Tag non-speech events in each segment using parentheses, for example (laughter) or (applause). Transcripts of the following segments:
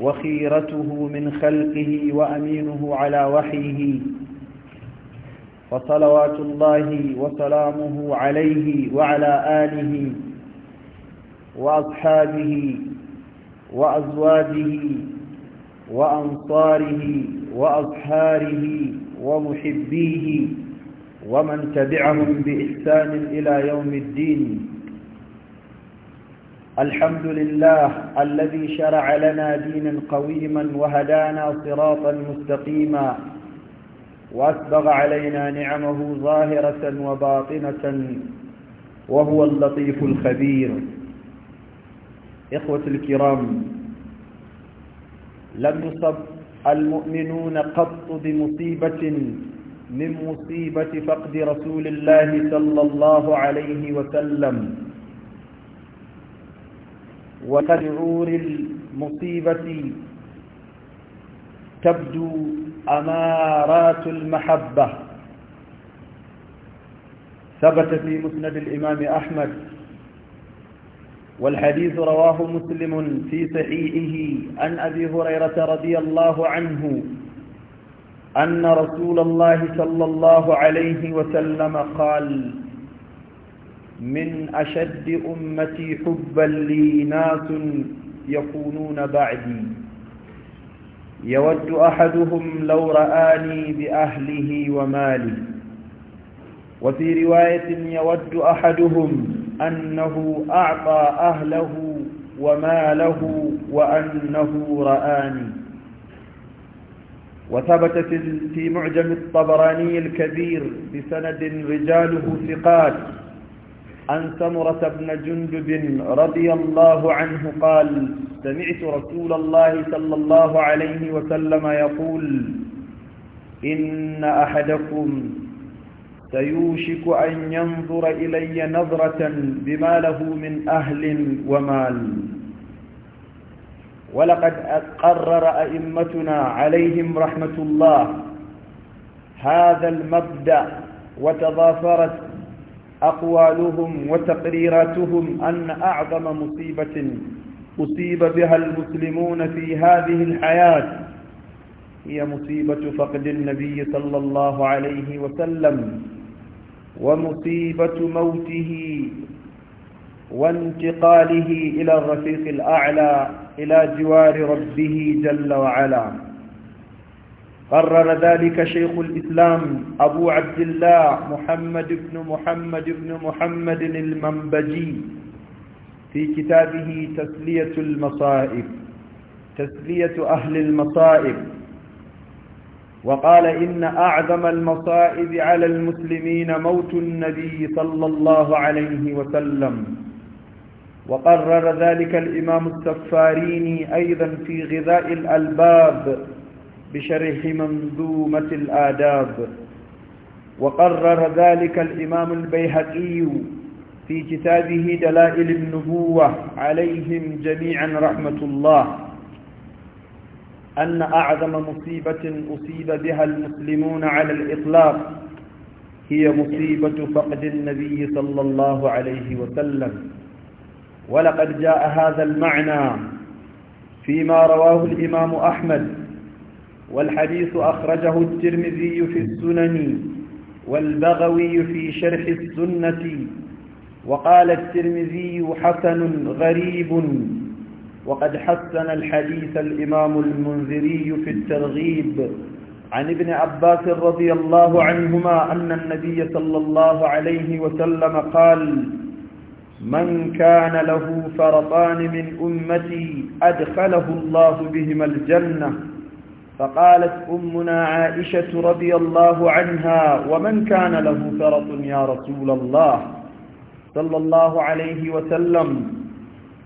وخيرته من خلقه وأمينه على وحيه فصلوات الله وسلامه عليه وعلى آله وأصحابه وأزواجه وأنصاره وأظهاره ومحبيه ومن تبعهم بإحسان إلى يوم الدين الحمد لله الذي شرع لنا دينا قويما وهدانا صراطا مستقيما وأسبغ علينا نعمه ظاهرة وباطنة وهو اللطيف الخبير إخوة الكرام لم يصب المؤمنون قط بمصيبة من مصيبة فقد رسول الله صلى الله عليه وسلم وتدعو المصيبة تبدو أمارات المحبة ثبت في مسند الإمام أحمد والحديث رواه مسلم في صحيحه عن أبي هريرة رضي الله عنه أن رسول الله صلى الله عليه وسلم قال من أشد أمتي حبا لي ناس يكونون بعدي يود أحدهم لو رآني بأهله ومالي وفي رواية يود أحدهم أنه أعطى أهله وماله وأنه رآني وثبت في معجم الطبراني الكبير بسند رجاله ثقات عن سمرة بن جندب رضي الله عنه قال سمعت رسول الله صلى الله عليه وسلم يقول إن أحدكم سيوشك أن ينظر إلي نظرة بما له من أهل ومال ولقد قرر أئمتنا عليهم رحمة الله هذا المبدأ وتضافرت أقوالهم وتقريراتهم أن أعظم مصيبة أصيب بها المسلمون في هذه الحياة هي مصيبة فقد النبي صلى الله عليه وسلم ومصيبة موته وانتقاله إلى الرفيق الأعلى إلى جوار ربه جل وعلا قرر ذلك شيخ الإسلام أبو عبد الله محمد بن محمد بن محمد المنبجي في كتابه تسلية المصائب تسلية أهل المصائب وقال إن أعظم المصائب على المسلمين موت النبي صلى الله عليه وسلم وقرر ذلك الإمام السفاريني أيضا في غذاء الألباب بشرح منظومة الآداب وقرر ذلك الإمام البيهقي في كتابه دلائل النبوة عليهم جميعا رحمة الله أن أعظم مصيبة أصيب بها المسلمون على الإطلاق هي مصيبة فقد النبي صلى الله عليه وسلم ولقد جاء هذا المعنى فيما رواه الإمام أحمد والحديث أخرجه الترمذي في السنن والبغوي في شرح السنة وقال الترمذي حسن غريب وقد حسن الحديث الإمام المنذري في الترغيب عن ابن عباس رضي الله عنهما أن النبي صلى الله عليه وسلم قال من كان له فرطان من أمتي أدخله الله بهما الجنة فقالت أمنا عائشة رضي الله عنها ومن كان له فرط يا رسول الله صلى الله عليه وسلم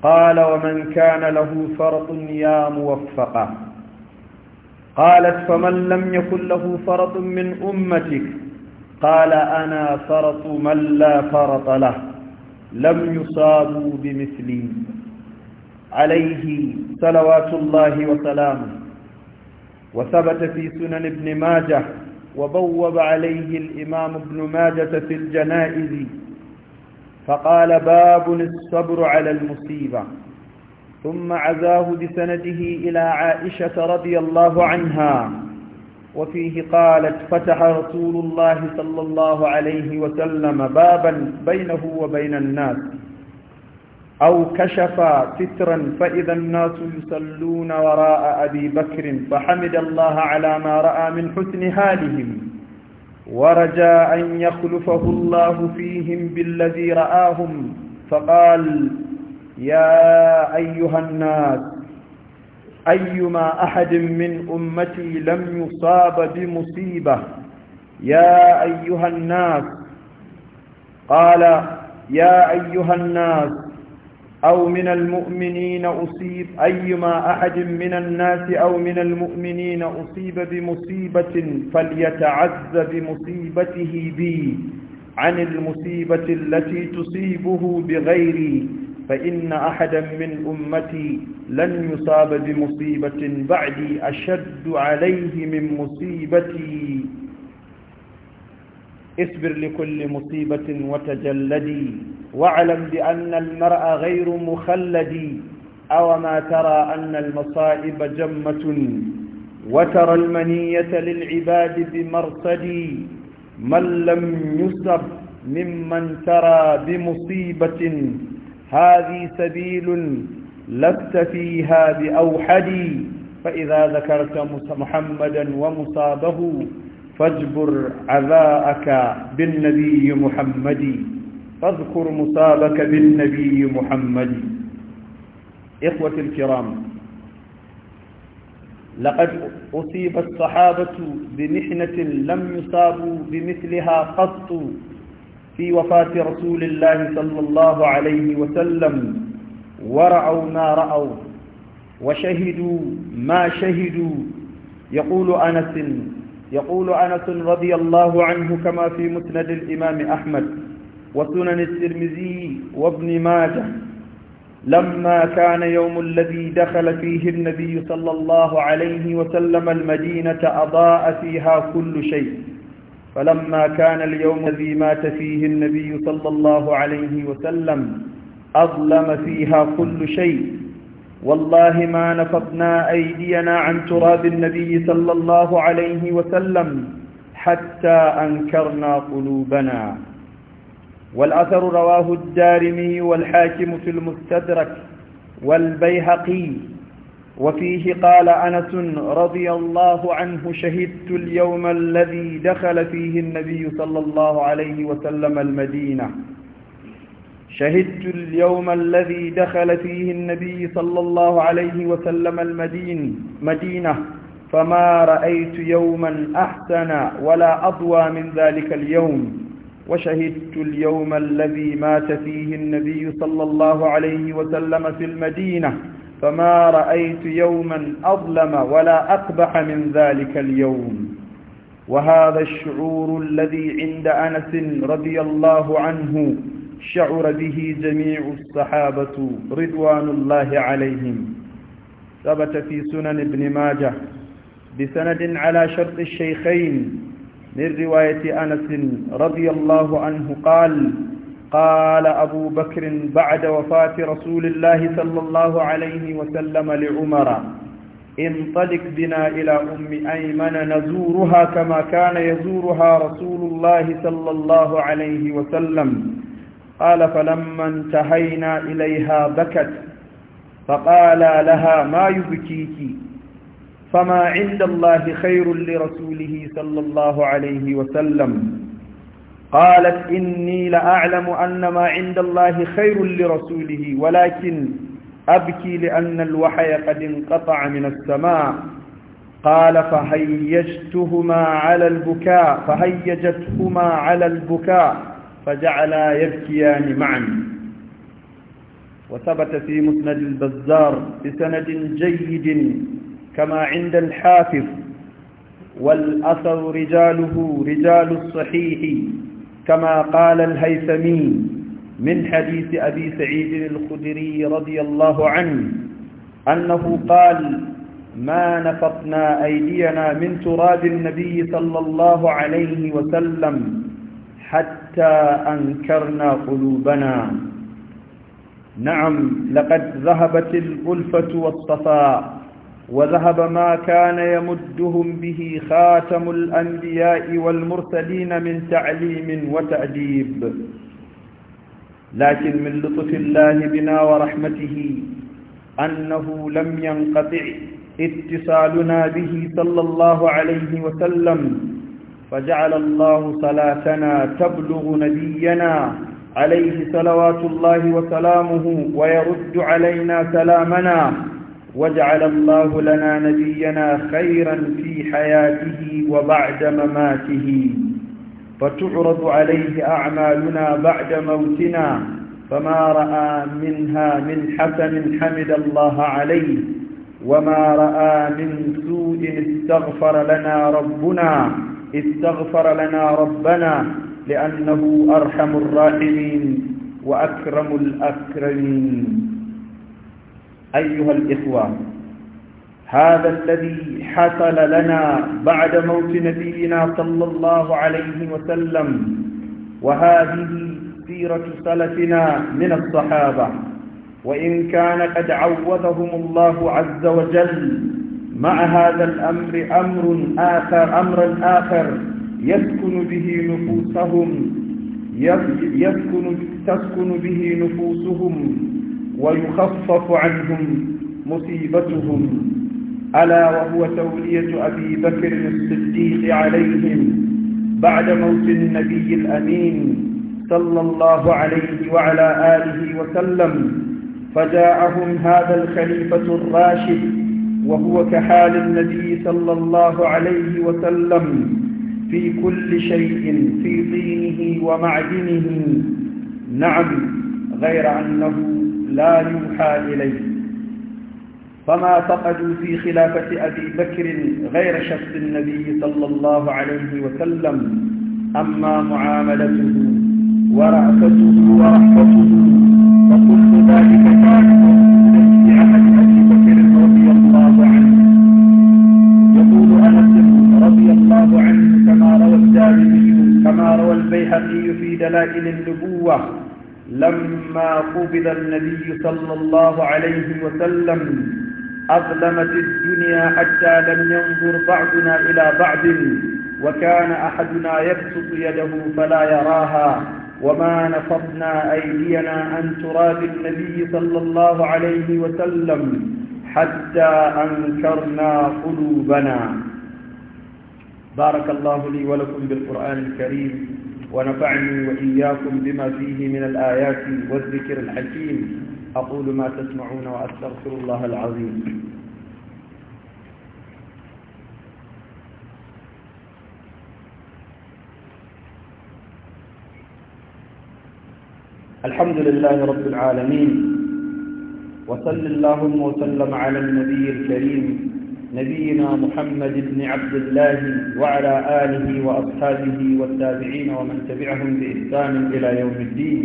قال ومن كان له فرط يا موفقة قالت فمن لم يكن له فرط من أمتك قال أنا فرط من لا فرط له لم يصابوا بمثلي عليه صلوات الله وسلامه وثبت في سنن ابن ماجه وبوب عليه الإمام ابن ماجة في الجنائز فقال باب الصبر على المصيبة ثم عزاه بسنده إلى عائشة رضي الله عنها وفيه قالت فتح رسول الله صلى الله عليه وسلم بابا بينه وبين الناس أو كشف سترا فإذا الناس يصلون وراء أبي بكر فحمد الله على ما رأى من حسن حالهم ورجى أن يخلفه الله فيهم بالذي رآهم فقال يا أيها الناس أيما أحد من أمتي لم يصاب بمصيبة يا أيها الناس قال يا أيها الناس أو من المؤمنين أصيب أيما أحد من الناس أو من المؤمنين أصيب بمصيبة فليتعز بمصيبته بي عن المصيبة التي تصيبه بغيري فإن أحدا من أمتي لن يصاب بمصيبة بعدي أشد عليه من مصيبتي اصبر لكل مصيبة وتجلدي واعلم بأن المرء غير مخلد أو ما ترى أن المصائب جمة وترى المنية للعباد بمرصدي من لم يصب ممن ترى بمصيبة هذه سبيل لست فيها بأوحدي فإذا ذكرت محمدا ومصابه فاجبر عذاءك بالنبي محمد فاذكر مصابك بالنبي محمد إخوة الكرام لقد أصيب الصحابة بمحنة لم يصابوا بمثلها قط في وفاة رسول الله صلى الله عليه وسلم ورعوا ما رأوا وشهدوا ما شهدوا يقول أنس يقول أنس رضي الله عنه كما في مسند الإمام أحمد وسنن الترمذي وابن ماجه لما كان يوم الذي دخل فيه النبي صلى الله عليه وسلم المدينة أضاء فيها كل شيء فلما كان اليوم الذي مات فيه النبي صلى الله عليه وسلم أظلم فيها كل شيء والله ما نفضنا أيدينا عن تراب النبي صلى الله عليه وسلم حتى أنكرنا قلوبنا والأثر رواه الدارمي والحاكم في المستدرك والبيهقي وفيه قال أنس رضي الله عنه شهدت اليوم الذي دخل فيه النبي صلى الله عليه وسلم المدينة شهدت اليوم الذي دخل فيه النبي صلى الله عليه وسلم المدين مدينة فما رأيت يوما أحسن ولا أضوى من ذلك اليوم وشهدت اليوم الذي مات فيه النبي صلى الله عليه وسلم في المدينة فما رأيت يوما أظلم ولا أقبح من ذلك اليوم وهذا الشعور الذي عند أنس رضي الله عنه شعر به جميع الصحابة رضوان الله عليهم ثبت في سنن ابن ماجه بسند على شرط الشيخين من رواية أنس رضي الله عنه قال قال أبو بكر بعد وفاة رسول الله صلى الله عليه وسلم لعمر انطلق بنا إلى أم أيمن نزورها كما كان يزورها رسول الله صلى الله عليه وسلم قال فلما انتهينا إليها بكت فقال لها ما يبكيك فما عند الله خير لرسوله صلى الله عليه وسلم قالت إني لأعلم أن ما عند الله خير لرسوله ولكن أبكي لأن الوحي قد انقطع من السماء قال فهيجتهما على البكاء فهيجتهما على البكاء فجعلا يبكيان معا وثبت في مسند البزار بسند جيد كما عند الحافظ والأثر رجاله رجال الصحيح كما قال الهيثمي من حديث أبي سعيد الخدري رضي الله عنه أنه قال ما نفقنا أيدينا من تراب النبي صلى الله عليه وسلم حتى أنكرنا قلوبنا نعم لقد ذهبت الألفة والصفاء وذهب ما كان يمدهم به خاتم الأنبياء والمرسلين من تعليم وتأديب لكن من لطف الله بنا ورحمته أنه لم ينقطع اتصالنا به صلى الله عليه وسلم فجعل الله صلاتنا تبلغ نبينا عليه صلوات الله وسلامه ويرد علينا سلامنا وجعل الله لنا نبينا خيرا في حياته وبعد مماته فتعرض عليه أعمالنا بعد موتنا فما رأى منها من حسن حمد الله عليه وما رأى من سوء استغفر لنا ربنا استغفر لنا ربنا لأنه أرحم الراحمين وأكرم الأكرمين أيها الإخوة هذا الذي حصل لنا بعد موت نبينا صلى الله عليه وسلم وهذه سيرة سلفنا من الصحابة وإن كان قد عوضهم الله عز وجل مع هذا الأمر أمر آخر أمرا آخر يسكن به نفوسهم يسكن تسكن به نفوسهم ويخفف عنهم مصيبتهم ألا وهو تولية أبي بكر الصديق عليهم بعد موت النبي الأمين صلى الله عليه وعلى آله وسلم فجاءهم هذا الخليفة الراشد وهو كحال النبي صلى الله عليه وسلم في كل شيء في طينه ومعدنه نعم غير أنه لا يوحى إليه فما فقدوا في خلافة أبي بكر غير شخص النبي صلى الله عليه وسلم أما معاملته ورأفته ورحمته فكل ذلك كان في دلائل النبوة لما قبض النبي صلى الله عليه وسلم أظلمت الدنيا حتى لم ينظر بعضنا إلى بعض وكان أحدنا يبسط يده فلا يراها وما نفضنا أيدينا عن تراب النبي صلى الله عليه وسلم حتى أنكرنا قلوبنا بارك الله لي ولكم بالقرآن الكريم ونفعني وإياكم بما فيه من الآيات والذكر الحكيم أقول ما تسمعون وأستغفر الله العظيم الحمد لله رب العالمين وصل اللهم وسلم على النبي الكريم نبينا محمد بن عبد الله وعلى آله وأصحابه والتابعين ومن تبعهم بإحسان إلى يوم الدين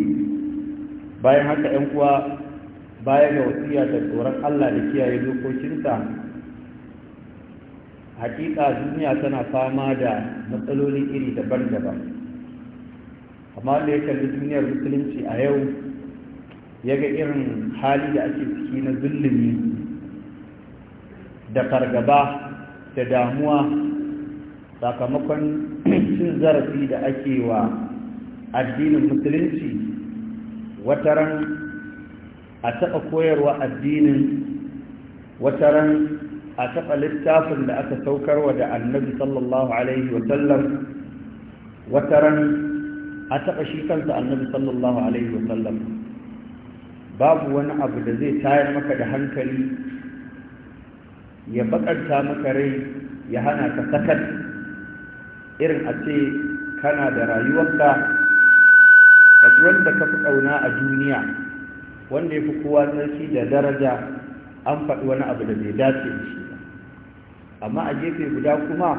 bayan haka ‘yan kuwa baya ga wasiya da tsoron Allah da kiyaye dokokinsa hakika duniya tana fama da matsaloli iri daban-daban amma da ya kalli duniyar musulunci a yau ya ga irin hali da ake ciki na zulumi da fargaba da damuwa sakamakon (clears throat) cin zarafi da ake wa addinin musulunci wataran a taɓa koyarwa addinin wataran a taɓa littafin da aka saukarwa da annabi sallallahu alaihi wasallam wataran a taɓa shi kansa annabi sallallahu alaihi wasallam babu wani abu da zai tayar maka da hankali ya bakanta maka rai ya hana ka sakat irin a ce kana da rayuwarka ka wanda ka fi ƙauna a duniya wanda ya fi kowa sarki da daraja an faɗi wani abu da bai dace da shi amma a gefe guda kuma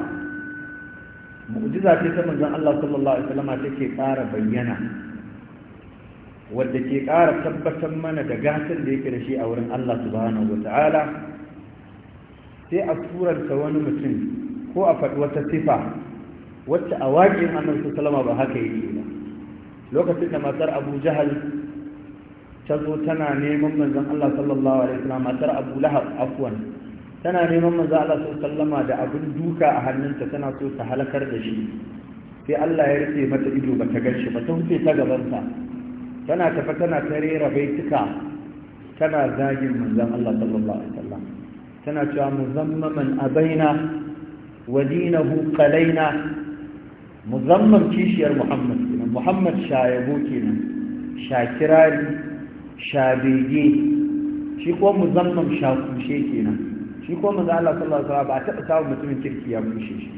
mu'jiza ce ta manzon Allah sallallahu alaihi wasallam take ƙara bayyana wadda ke ƙara tabbatar mana da gasar da yake da shi a wurin Allah subhanahu Wa Ta'ala. sai a turanta wani mutum ko a faɗi wata sifa wacce a waƙin annabi sallama ba haka yake ba lokacin da matar abu jahal ta zo tana neman manzon Allah sallallahu alaihi wasallam matar abu lahab afwan tana neman manzon Allah sallama da abin duka a hannunta tana so ta halakar da shi sai Allah ya rufe mata ido ba ta shi, ba ta huce ta gabanta tana tafa tana ta rera baituka tana zagin manzon Allah sallallahu alaihi tana cewa muzammaman abaina wa dinahu qalaina muzamman kishiyar muhammad kenan muhammad shayabo kenan shakirari shabege shi ko kuma muzamman shakushe kenan shi kuma manzo Allah sallallahu alaihi wasallam ba taɓa samun mutumin kirki ya kushe shi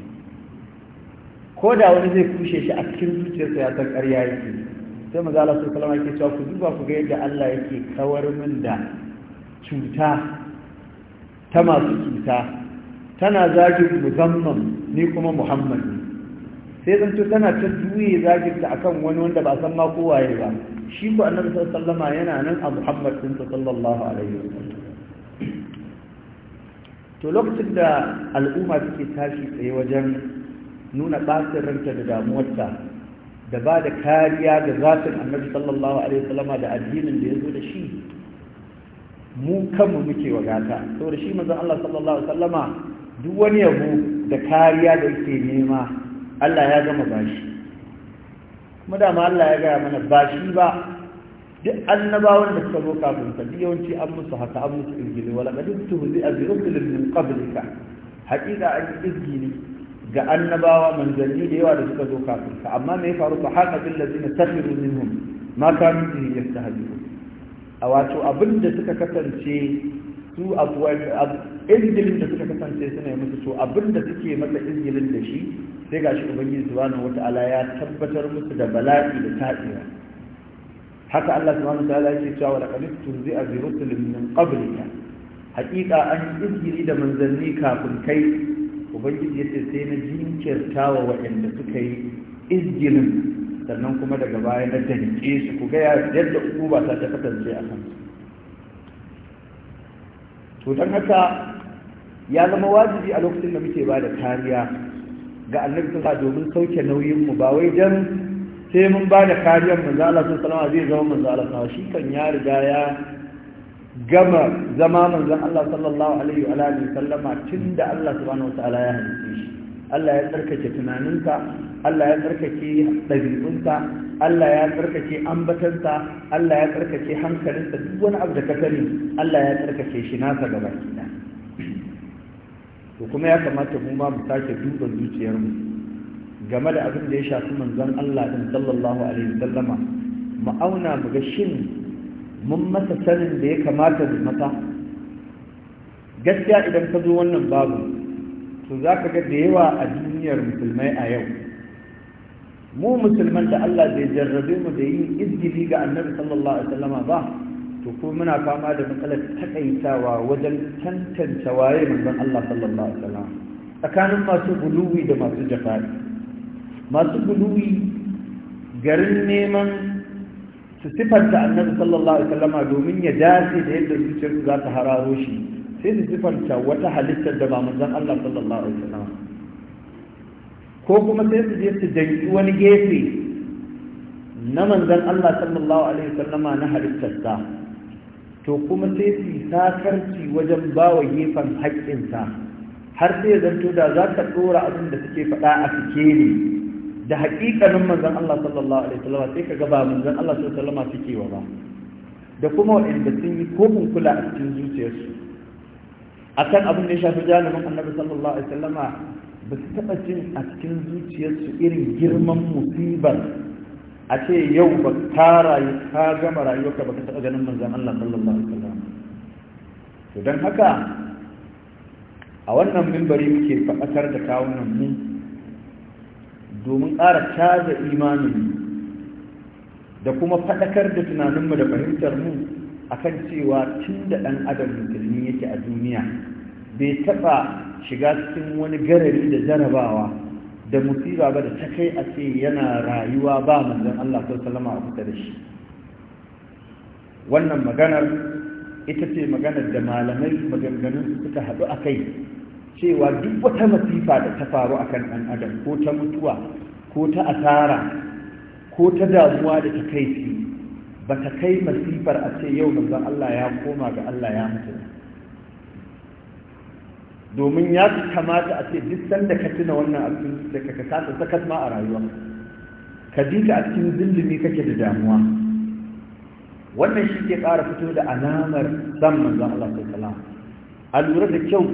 ko da wani zai kushe shi a cikin zuciyarsa ya san ƙarya yake sai manzo Allah sallallahu alaihi wasallam yake cewa ku duba ku ga yadda Allah yake kawar min da cuta ta masu cuta tana zagin musamman ni kuma muhammad ne sai zanto tana ta juye zaginta akan wani wanda ba san ma kowaye ba shi ko annabi sallama yana nan a muhammad ta sallallahu alaihi wasallam to lokacin da al'umma take tashi tsaye wajen nuna ɓacin ranta da damuwarta da ba da kariya ga zafin annabi sallallahu alaihi wasallama da addinin da ya zo da shi mu kanmu muke wadata saboda shi manzon Allah sallallahu alaihi wasallama duk wani yabo da kariya da yake nema Allah ya gama bashi kuma dama Allah ya gaya mana bashi ba duk annabawan da suka zo kafin ka duk yawanci an musu haka an musu injili wala qad tuhzi'a bi rusulin min qablika haqiqa an izgili ga annabawa manzanni da yawa da suka zo kafin ka amma me ya faru fa haqa bil ladina takhiru minhum ma kanu yastahdithun a wato abin da suka kasance su abuwa-abin da suka kasance suna yi musu to abin da suke masa izgilin da shi sai ga shi ubangiji wata ala ya tabbatar musu da bala'i da ta'ira haka Allah subhanahu wata'ala yake cewa laqad zai a jerusalem min kabrika haƙiƙa an izgili da manzanni kafin kai ubangiji ce, sai na jinkirtawa waɗanda suka yi izgilin sannan kuma daga baya na danke su ku gaya yadda ukuba ta ta kasance a kan to don haka ya zama wajibi a lokacin da muke ba da kariya ga annabi sa domin sauke nauyinmu ba wai don sai mun ba da kariyar manzo Allah sallallahu zai zama manzo Allah shi kan ya riga ya gama zama manzon Allah sallallahu alaihi wa alihi sallama tunda Allah subhanahu wa ta'ala ya halice shi Allah ya tsarkake tunaninka Allah ya tsarkake ɗabi'unka Allah ya tsarkake ambatansa Allah ya tsarkake hankalinsa duk wani abu da ka sani Allah ya tsarkake shi nasa gaba kina. to kuma ya kamata mu ba mu sake duba zuciyarmu game da abin da ya shafi manzon Allah din sallallahu alaihi wasallama mu auna mu ga shin mun masa sanin da ya kamata mu mata gaskiya idan ka zo wannan babu to za ka ga da yawa a duniyar musulmai a yau mu musulman da Allah bai jarrabe mu da yin izgili ga annabi sallallahu alaihi wasallama ba to ko muna fama da matsalar takaitawa wajen tantance waye manzon Allah sallallahu alaihi wasallam tsakanin masu buluwi da masu jafari masu buluwi garin neman su sifanta annabi sallallahu alaihi wasallama domin ya dace da yadda zuciyarsu za ta hararo shi sai su sifanta wata halittar da ba manzon Allah sallallahu alaihi wasallam ko kuma sai su je su danki wani gefe na manzon Allah sallallahu alaihi wasallama na halittarsa to kuma sai su sakarci wajen ba bawa gefen sa, har sai zanto da za ka tsora abin da suke faɗa a fike ne da haƙiƙanin manzon Allah sallallahu alaihi wasallama sai ka ga ba manzon Allah sallallahu alaihi wasallama suke wa ba da kuma waɗanda sun yi ko kula a cikin zuciyarsu akan abin da ya shafi janibin annabi sallallahu alaihi sallama, ba su taɓa jin a cikin zuciyarsu irin girman musibar a ce yau ba ta rayu ka gama rayuwarka ba ka taɓa ganin manzan Allah sallallahu alaihi wasallam to don haka a wannan mimbari muke faɗakar da kawunan mu domin ƙara caza imanin da kuma faɗakar da tunaninmu da fahimtar mu akan cewa tun da ɗan adam musulmi yake a duniya bai taɓa shiga cikin wani garari da jarabawa da musiba ba da ta kai a ce yana rayuwa ba manzan Allah sallama a kusa da shi wannan maganar ita ce maganar da malamai maganganun suka haɗu a kai cewa duk wata masifa da ta faru a kan ɗan adam ko ta mutuwa ko ta asara ko ta damuwa da ta kai su. ba ta kai masifar a ce yau manzon Allah ya koma ga Allah ya mutu domin ya kamata a ce duk sanda ka tuna wannan abin da ka kasa sakat ma a rayuwa ka bi ka a cikin zillimi kake da damuwa wannan shi ke ƙara fito da alamar san manzon Allah sallallahu a lura da kyau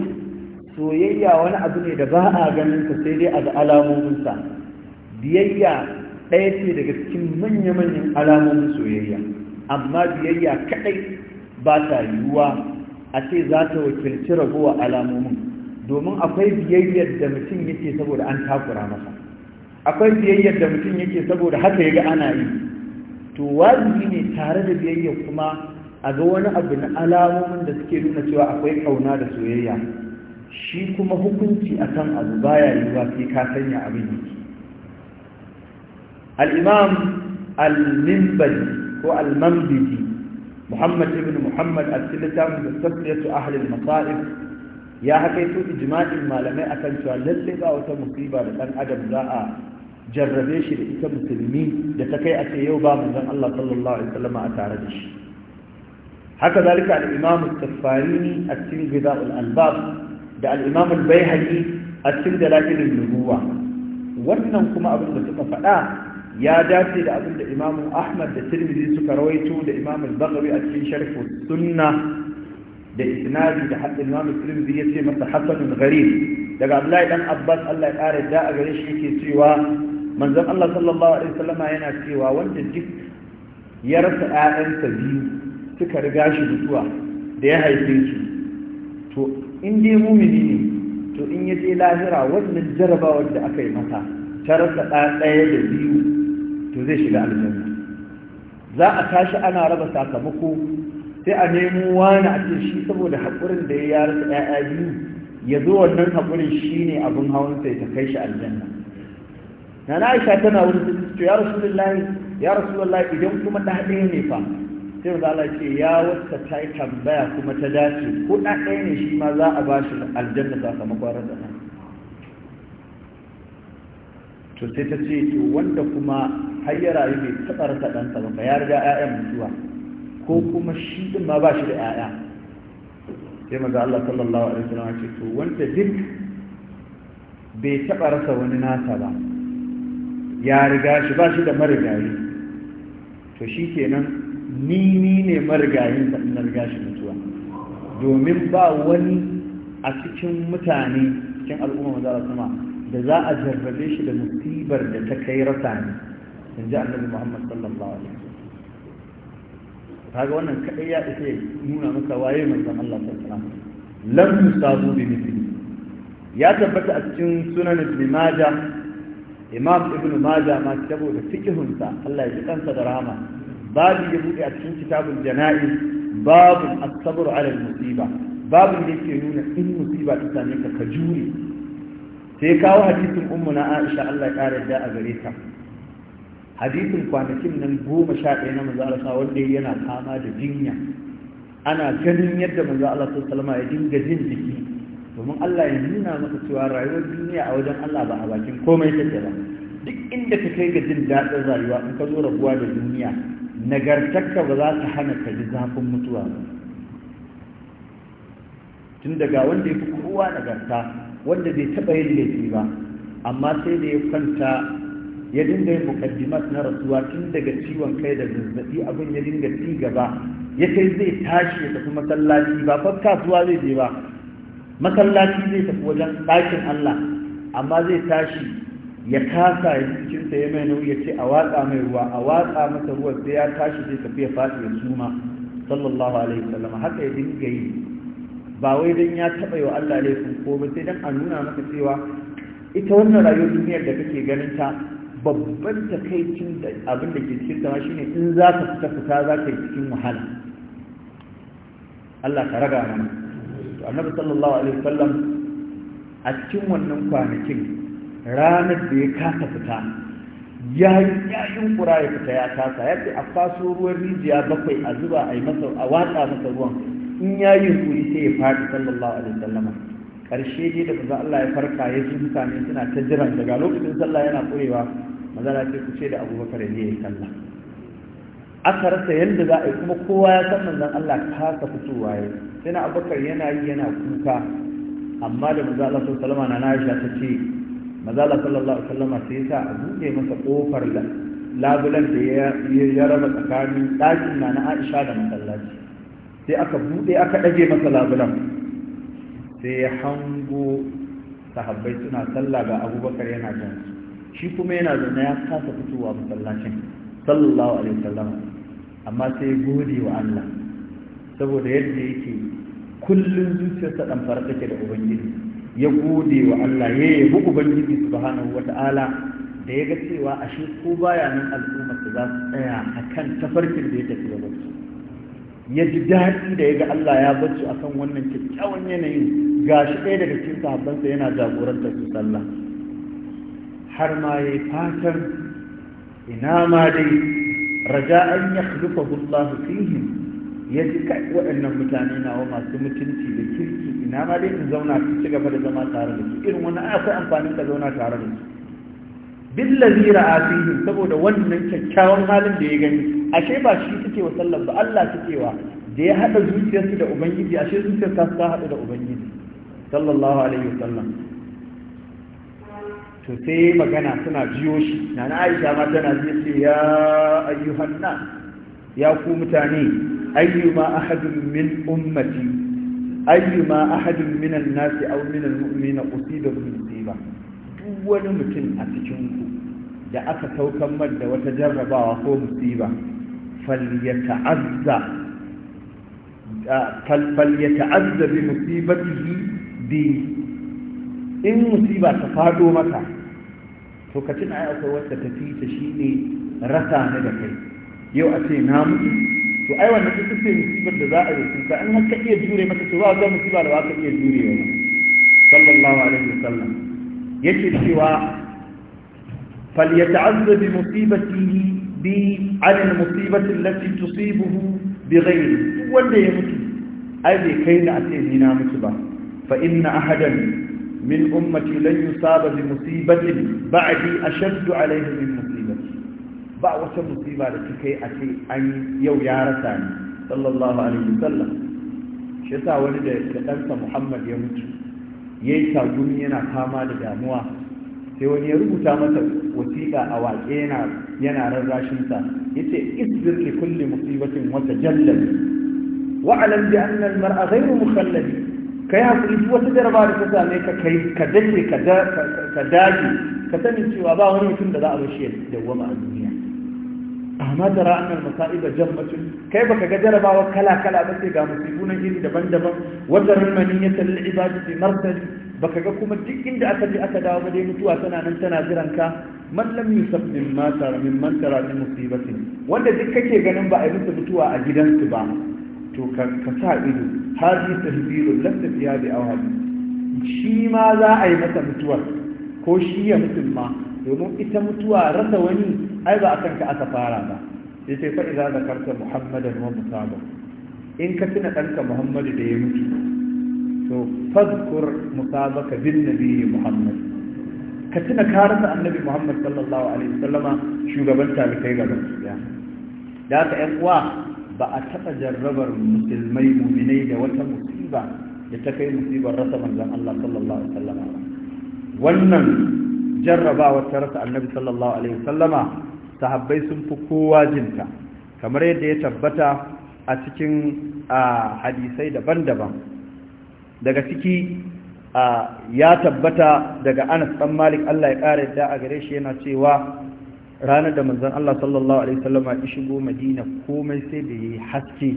soyayya wani abu ne da ba a ganin sa sai dai a ga alamominsa biyayya ɗaya ce daga cikin manya-manyan alamomin soyayya amma biyayya kaɗai ba ta yiwuwa a ce za ta wakilci ragowa alamomin domin akwai biyayyar da mutum yake saboda an takura masa akwai biyayyar da mutum yake saboda haka ya ga ana yi to wajibi ne tare da biyayya kuma a ga wani abu na alamomin da suke nuna cewa akwai kauna da soyayya shi kuma hukunci akan abu baya yiwuwa sai ka sanya abin yake al-imam al-minbari ko al-mambiji muhammad ibn muhammad a cikin littafin da tafiyatu ahlil masa'ib ya haka yato ijma'in malamai akan cewa lalle ba wata musiba da dan adam za a jarrabe shi da ita musulmi da ta kai a ce yau ba manzon Allah sallallahu alaihi wasallam a tare da shi haka zalika al-imam al-tafarini a cikin gida al-albab da al-imam al-baihaqi a cikin nubuwa wannan kuma abin da suka faɗa ya dace da abin da imamu ahmad da tirmidhi suka rawaito da imamu al a cikin sharhu sunna da isnadi da hadda imamu tirmidhi ya ce masa hasanun gari daga abdullahi dan abbas Allah ya ƙara da a gare shi yake cewa manzon Allah sallallahu alaihi wasallama yana cewa wanda duk ya rasa ƴaƴansa biyu suka riga shi mutuwa da ya haife su to in dai mumini ne to in ya je lahira wannan jarabawar da aka yi mata ta rasa ɗaya da biyu to zai shiga aljanna za a tashi ana raba sakamako sai a nemo wani a ce shi saboda haƙurin da ya rasa ƴaƴa biyu ya zo wannan haƙurin shi ne abin hawan sai ta kai shi aljanna na na aisha tana wani su ce ya rasulullahi ya idan kuma ɗa ɗaya ne fa sai maza ce ya wasta ta yi tambaya kuma ta dace ko ɗa ɗaya ne shi ma za a ba shi aljanna sakamakon rasa to sai ta ce to wanda kuma har ya rayu bai taɓa rasa ɗansa ba ya riga 'ya'yan mutuwa ko kuma shi din ma ba shi da 'ya'ya sai maza Allah sallallahu alaihi wasallam ce to wanda duk bai taɓa rasa wani nasa ba ya riga shi ba shi da marigayi to shi kenan ni ni ne marigayin sa na riga shi mutuwa domin ba wani a cikin mutane cikin al'umma maza Allah da za a jarrabe shi da musibar da ta kai rasa ne in ji annabi muhammad sallallahu alaihi wasallam kaga wannan kadai ya isa ya nuna maka waye manzon Allah sallallahu alaihi wasallam lam yusabu bi mithli ya tabbata a cikin sunan ibn majah imam ibn majah ma saboda fikihunsa Allah ya ji kansa da rahama babu ya bude a cikin kitabul jana'iz babu as-sabr 'ala al-musiba babu da yake nuna in musiba ta same ka ka jure sai kawo hadisin ummu na Aisha Allah ya kare a gare ta hadisin kwanakin nan goma sha ɗaya na manzo Allah wanda yana fama da jinya ana ganin yadda manzo Allah sallallahu alaihi ya dinga jin jiki domin Allah ya nuna maka cewa rayuwar duniya a wajen Allah ba a bakin komai take ba duk inda ka kai ga jin daɗin rayuwa in ka zo rabuwa da duniya nagartakka ba za ta hana ka ji zafin mutuwa ba tun daga wanda ya fi kowa nagarta wanda bai taɓa yin laifi ba amma sai da ya kwanta ya dinga yin mukaddimat na rasuwa tun daga ciwon kai da zazzabi abin ya dinga ci gaba ya kai zai tashi ya tafi masallaci ba fa kasuwa zai je ba masallaci zai tafi wajen ɗakin Allah amma zai tashi ya kasa ya cikin ya mai nauyi ya ce a watsa mai ruwa a watsa masa ruwa sai ya tashi zai tafi ya fadi ya suma sallallahu alaihi wasallam haka ya dinga yi ba wai don ya taɓa yi wa Allah laifin ko ba sai don a nuna maka cewa ita wannan rayuwar duniyar da kake ganin ta babban takaicin da abin da ke cikin sama shine in za ka fita fita za ka yi cikin wahala Allah ka raga mana annabi sallallahu alaihi wasallam a cikin wannan kwanakin ranar da ya kasa fita ya yi ya fita ya kasa ya ce a faso ruwan rijiya bakwai a zuba a yi masa a watsa masa ruwan in ya yi kuri sai ya faɗi sallallahu alaihi wasallam karshe dai da manzo Allah ya farka ya ji mutane suna ta jiran daga lokacin sallah yana ƙurewa maza na ce ku ce da Abubakar ne ya sallah aka rasa yadda za a yi kuma kowa ya san manzan Allah ta fitowa ya sai na Abubakar yana yi yana kuka amma da maza Allah sallallahu alaihi na Aisha ta ce maza Allah sallallahu alaihi wasallam sai ya sa a buɗe masa kofar labulan da ya raba tsakanin ɗakin na na Aisha da masallaci sai aka bude aka ɗage masa labulan sai ya hango sahabbai suna sallah ga abubakar yana jan shi kuma yana zaune ya kasa fitowa masallacin sallallahu alaihi wasallam amma sai gode wa Allah saboda yadda yake kullum zuciyarsa dan fara take da ubangiji ya gode wa Allah ya yabi ubangiji subhanahu wata'ala da ya ga cewa ashe ko baya nan al'ummar za su tsaya akan tafarkin da ya tafi da su ya ji daɗi da ya ga Allah ya bacci a kan wannan kyakkyawan yanayin ga shi ɗaya daga cikin sahabbansa yana jagorantar su sallah har ma ya yi fatan ina ma dai raja an ya khulufa Allah fihim ya ji kai waɗannan mutane nawa masu mutunci da kirki ina ma dai in zauna su ci gaba da zama tare da su irin wani akwai amfanin ka zauna tare da su billazi ra'a fihim saboda wannan kyakkyawan halin da ya gani ashe ba shi suke wa sallar ba Allah suke wa da ya haɗa zuciyarsu da ubangiji ashe zuciyar ta ta haɗu da ubangiji sallallahu alaihi wa sallam, to sai magana suna jiyo shi na na aisha ma tana ji ce ya ayyuhan nas ya ku mutane ayyuma ahadun min ummati ayyuma ahadun min an-nas aw min al-mu'mina usida bi musiba duk wani mutum a cikin ku da aka saukan man da wata jarrabawa ko musiba فليتعزى فليتعزى bi in musiba ta تفادو متى to ka tuna akwai wacce ta fi ta shi ne rasa ni da kai yau a ce na mutu to ai wannan ita ce musibar da za a yi kuka an har ka iya jure mata to ba za musiba da ba ka iya jure ba sallallahu alaihi wasallam yake cewa falyata'azza bi musibatihi bi an musibati allati tusibuhu bi ghayri wanda ya mutu ai bai kai da ace ni na mutu ba fa inna ahadan min ummati lan yusaba bi musibatin ba'di ashaddu alayhi min musibati ba wata musiba da kai a ce an yau ya rasa ni sallallahu alaihi wasallam shi yasa wani da ɗansa Muhammad ya mutu yayi tagumi yana fama da damuwa sai wani ya rubuta masa wasiƙa a waƙe yana yana rarrashinsa yace isbir li kulli musibatin wa tajallal wa alam bi anna al mar'a ghayru mukhallad kai hakuri duk wata jaraba da ta same ka kai ka dace ka ka dage ka sani cewa ba wani mutum da za a bar shi dawwama a duniya amma tara annal jan jammatun kai baka ga jarabawa kala kala ba sai ga musibunan iri daban-daban wa tarmani yatal ibadati marsali baka ga kuma duk inda aka je aka dawo ga dai mutuwa tana nan tana jiran ka man lam yusab min ma min man tara min musibatin wanda duk kake ganin ba a yi musu mutuwa a gidansu ba to ka ka sa ido hadi tahdiru lafta fiya bi awhad shi ma za a yi masa mutuwar ko shi ya mutu ma domin ita mutuwa rasa wani ai ba akan ka aka fara ba sai sai fa idza zakarta muhammadan wa musaba in ka tuna ɗanka muhammadu da ya mutu to fadkur musabaka bin nabi muhammad ka tuna karasa annabi muhammad sallallahu alaihi wasallama shugaban kai ga gaskiya da ta yan uwa ba a taɓa jarrabar musulmai muminai da wata musiba da ta kai musibar rasa manzon Allah sallallahu alaihi wasallama wannan jarraba wata rasa annabi sallallahu alaihi wasallama sahabbai sun fi kowa jinta kamar yadda ya tabbata a cikin hadisai daban-daban daga ciki ya tabbata daga anas ɗan malik allah ya ƙara yadda a gare shi yana cewa ranar da manzan allah sallallahu alaihi wasallam ya shigo madina komai sai da ya haske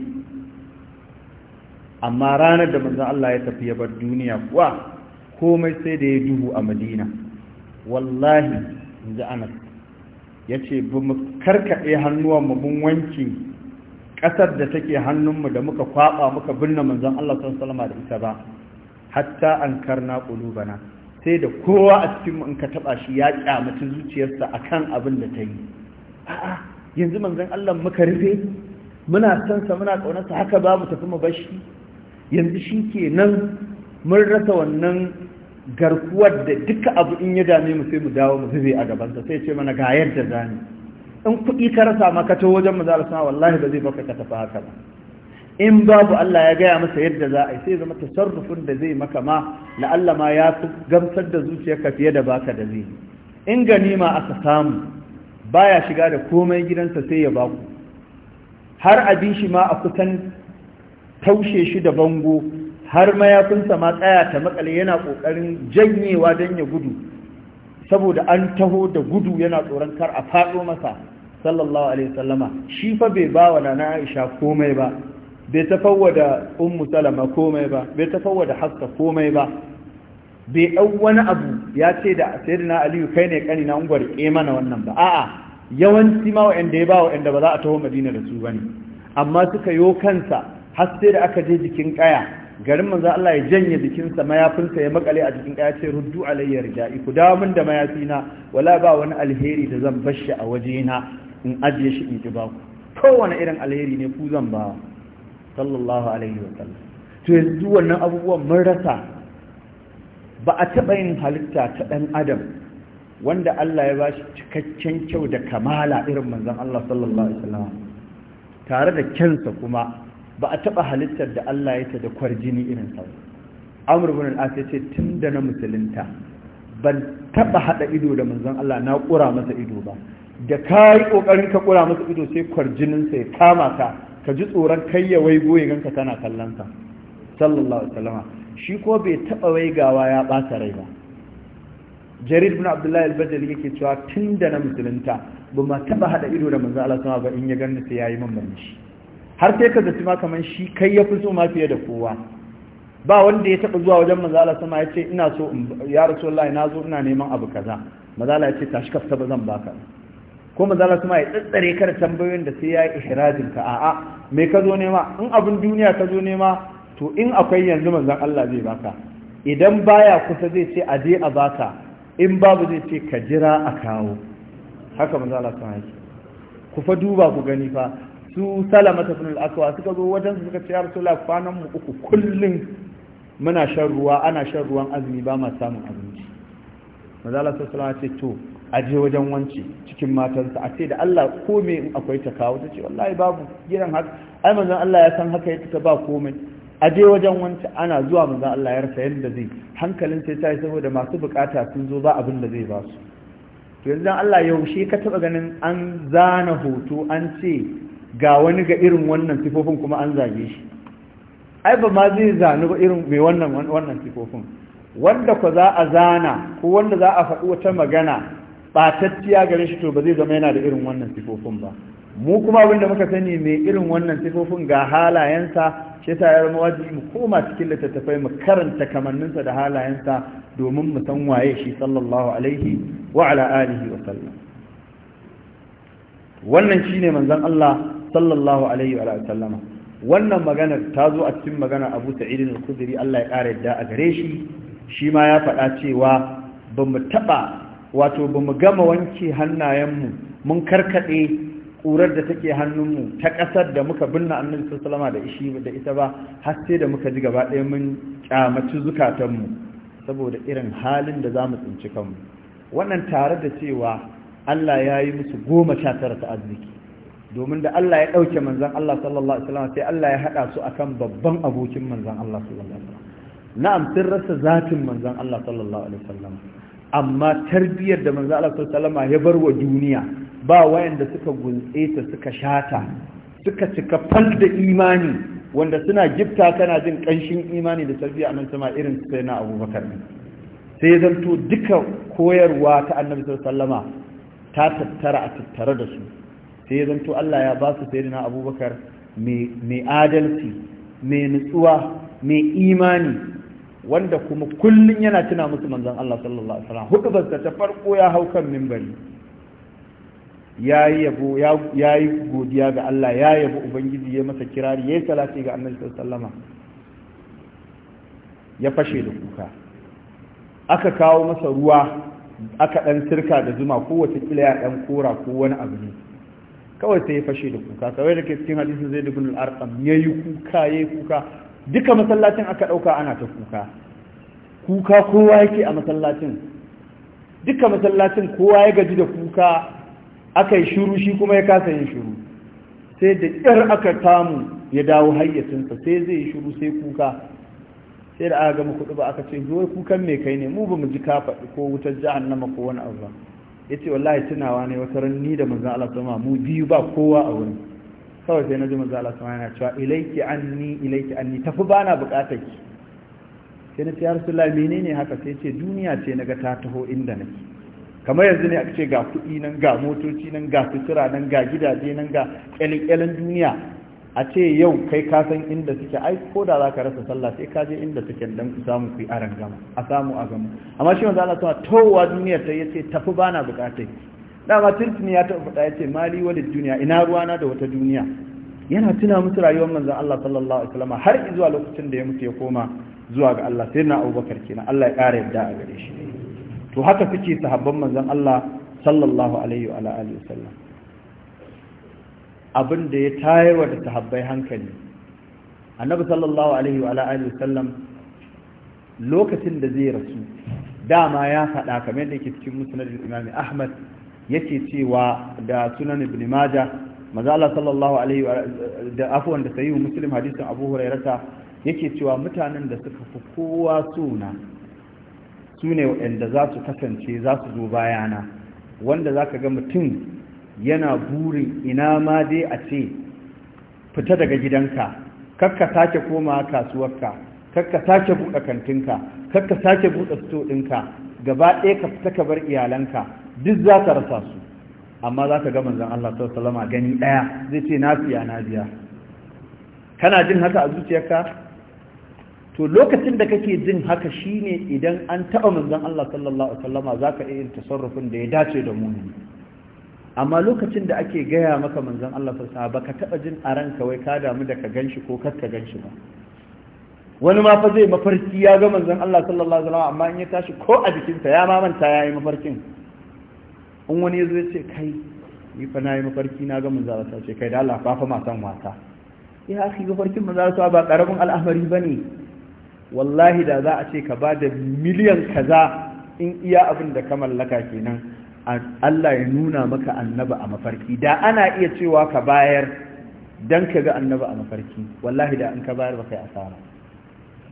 amma ranar da manzan allah ya tafi ya bar duniya kuwa komai sai da ya duhu a madina wallahi inji anas ya ce ba mu karkaɗe hannuwanmu mun wanki ƙasar da take hannunmu da muka kwaɓa muka binne manzan allah sallallahu alaihi wasallam da ita ba hatta an karna ƙulubana sai da kowa a cikin in ka taɓa shi ya ƙyamata zuciyarsa a kan abin da ta yi a'a yanzu manzon Allah muka rufe muna san sa muna kaunarsa, haka ba mu tafi mu bashi yanzu shi kenan mun rasa wannan garkuwar da duka abu in ya dame mu sai mu dawo mu zube a gabansa sai ce mana ga yadda zani in kuɗi ka rasa ma ka to wajen mu za wallahi ba zai baka ka tafi haka ba in babu Allah ya gaya masa yadda za a yi sai zama tasarrufin da zai maka ma Allah ma ya fi gamsar da ka fiye da baka da zai in ganima aka samu baya shiga da komai gidansa sai ya baku har abin shi ma a kusan taushe shi da bango har mayafinsa ma tsaya ta makale yana kokarin janyewa don ya gudu saboda an taho da gudu yana tsoron kar a faɗo masa sallallahu alaihi wasallama shi fa bai ba wa nana Aisha komai ba bai tafawwada ummu salama komai ba bai tafawwada haska komai ba bai ɗau wani abu ya ce da sayyidina aliyu kai ne kani na ungwar eh mana wannan ba a'a yawanci ma wa'anda ya ba wa'anda ba za a taho madina da su bane amma suka yo kansa har sai da aka je jikin kaya garin manzo Allah ya janye jikinsa mayafinsa ya makale a jikin kaya ce ruddu alayya rija'i ku dawo min da mayafina wala ba wani alheri da zan bashi a waje na, in ajiye shi in ki ba ku kowane irin alheri ne ku zan ba sallallahu alaihi wa sallam to yanzu wannan abubuwan mun rasa ba a taɓa yin halitta ta ɗan adam wanda Allah ya bashi cikakken kyau da kamala irin manzon Allah sallallahu alaihi tare da kyansa kuma ba a taba halittar da Allah ya ta da kwarjini irin sa Amr ibn al-As tun da na musulunta ban taba haɗa ido da manzon Allah na kura masa ido ba da kai kokarin ka kura masa ido sai kwarjinin sa ya kama ka ka ji tsoron kai ya waigo ya ganka tana kallon ka. sallallahu alaihi shi ko bai taba gawa ya bata rai ba jarir ibn abdullahi al-bajali yake cewa tun da na musulunta ba ma taba hada ido da manzo Allah sama ba in ya ganni sai yayi min shi har sai ka zaci ma kaman shi kai ya fi so ma fiye da kowa ba wanda ya taba zuwa wajen manzo Allah sama yace ina so ya rasulullahi nazo ina neman abu kaza manzo Allah yace tashi kafta ba zan baka ko manzo kuma ya tsatsare kar tambayoyin da sai ya yi ishirajin ka a'a me ka zo nema in abin duniya ka zo nema to in akwai yanzu manzon Allah zai baka idan baya kusa zai ce a je a baka in babu zai ce ka jira a kawo haka manzo Allah kuma yake ku fa duba ku gani fa su salama ta funul akwa suka zo wajen suka ce ya sula kwanan mu uku kullum muna shan ruwa ana shan ruwan azumi ba ma samun abinci manzo Allah sallallahu alaihi wasallam ya ce to aje wajen wanci cikin matansa a ce da Allah ko me in akwai ta kawo ta ce wallahi babu gidan haka ai manzon Allah ya san haka yake ta ba komai aje wajen wanci ana zuwa manzon Allah ya rasa yanda zai hankalin sai ta saboda masu bukata sun zo ba abin da zai ba su to yanzu Allah yaushe ka taba ganin an zana hoto an ce ga wani ga irin wannan sifofin kuma an zage shi ai ba ma zai zanu ba irin mai wannan wannan sifofin wanda ko za a zana ko wanda za a faɗi wata magana batacciya gare shi to ba zai zama yana da irin wannan sifofin ba mu kuma abin da muka sani mai irin wannan sifofin ga halayensa shi ta yar mawaji mu koma cikin littattafai mu karanta kamanninsa da halayensa domin mu san waye shi sallallahu alaihi wa ala alihi wa sallam wannan shine manzon Allah sallallahu alaihi wa sallama wannan maganar ta zo a cikin maganar Abu Sa'id al-Khudri Allah ya kare da a gare shi shi ma ya faɗa cewa ba mu taɓa wato ba mu gama wanke hannayenmu mun karkaɗe ƙurar da take hannunmu ta ƙasar da muka binna annabi sallama da ishi da ita ba har sai da muka ji gaba ɗaya mun kyamaci zukatanmu saboda irin halin da za mu tsinci kanmu wannan tare da cewa Allah ya yi musu goma sha tara ta arziki domin da Allah ya ɗauke manzan Allah sallallahu alaihi wasallam sai Allah ya haɗa su akan babban abokin manzan Allah sallallahu alaihi wasallam na'am sun rasa zatin manzan Allah sallallahu alaihi wasallam amma tarbiyyar da manzo Allah sallama ya bar wa duniya ba wayanda suka gunse ta suka shata suka cika fal da imani wanda suna gifta kana jin kanshin imani da tarbiyya nan sama irin sai na Abubakar sai zanto duka koyarwa ta annabi sallama ta tattara a tattara da su sai zanto Allah ya ba su sayyidina Abubakar mai adalci mai nutsuwa mai imani wanda kuma kullum yana tuna musu manzon Allah sallallahu alaihi wasallam ta farko ya hau kan minbari yayi yabo godiya ga Allah ya yabo ubangiji ya masa kirari yayi salati ga annabi sallallahu ya fashe da kuka aka kawo masa ruwa aka dan sirka da zuma ko wata kila ya dan kora ko wani abu ne kawai sai ya fashe da kuka kawai da ke cikin hadisi zai ibn al-arqam yayi kuka yayi kuka duka masallacin aka ɗauka ana ta kuka kuka kowa yake a masallacin duka masallacin kowa ya gaji da kuka aka yi shuru shi kuma ya kasa yin shuru sai da ƙyar aka tamu ya dawo hayyacinsa sai zai yi shuru sai kuka sai da aka gama kuɗi ba aka ce zo kukan mai kai ne mu ba mu ji ka ko wutar jahannama ko wani abu ba ya ce wallahi tunawa ne wata ran ni da manzan alasama mu biyu ba kowa a wurin kawai sai na ji manzo Allah subhanahu yana cewa ilaiki anni ilaiki anni tafi bana bukatar ki sai na ce ya rasulullah menene haka sai ce duniya ce naga ta taho inda nake kamar yanzu ne aka ce ga kuɗi nan ga motoci nan ga sutura nan ga gidaje nan ga kyalin duniya a ce yau kai ka san inda suke ai ko da za ka rasa sallah sai ka je inda suke dan ku samu ku yi aran a samu a gama amma shi manzo Allah ta towa duniya ta yace tafi bana bukatar ki dama tuntuni ya taɓa faɗa ya ce mali wadda duniya ina ruwana da wata duniya yana tuna musu rayuwar manzan Allah sallallahu alaihi wasallam har zuwa lokacin da ya mutu ya koma zuwa ga Allah sai na Abubakar kenan Allah ya ƙara yadda a gare shi to haka kuke sahabban manzan Allah sallallahu alaihi wa alihi wasallam abin da ya tayarwa da sahabbai hankali annabi sallallahu alaihi wa alihi wasallam lokacin da zai rasu dama ya faɗa kamar da yake cikin musnad al-Imam Ahmad yake cewa da sunan ibn maja maza Allah sallallahu alaihi da afwan da sayyidu muslim hadisin abu hurairata yake cewa mutanen da suka fi kowa suna su ne waɗanda za su kasance za su zo bayana wanda za ka ga mutum yana burin ina ma dai a ce fita daga gidanka kakka sake koma kasuwarka kakka sake buɗe kantinka kakka sake buɗe sto ɗinka gaba ɗaya ka fita ka bar iyalanka duk za ta rasa su amma za ka ga manzan Allah ta salama gani ɗaya zai ce na fiya na biya kana jin haka a zuciyarka to lokacin da kake jin haka shine idan an taɓa manzan Allah sallallahu alaihi wasallama za ka iya tasarrufin da ya dace da mu amma lokacin da ake gaya maka manzan Allah sallallahu alaihi ka taɓa jin a ranka wai ka damu da ka ganshi ko kar ka ganshi ba wani ma fa zai mafarki ya ga manzan Allah sallallahu alaihi wasallama amma in ya tashi ko a jikinsa ya mamanta ya yi mafarkin in wani ya zo ya ce kai yi fa na yi mafarki na ga manzara ce kai da Allah fa matan wata ya akhi mafarkin manzara ba karamin al'amari bane wallahi da za a ce ka ba da miliyan kaza in iya abin da ka mallaka kenan Allah ya nuna maka annaba a mafarki da ana iya cewa ka bayar dan ka ga annaba a mafarki wallahi da in ka bayar ba kai asara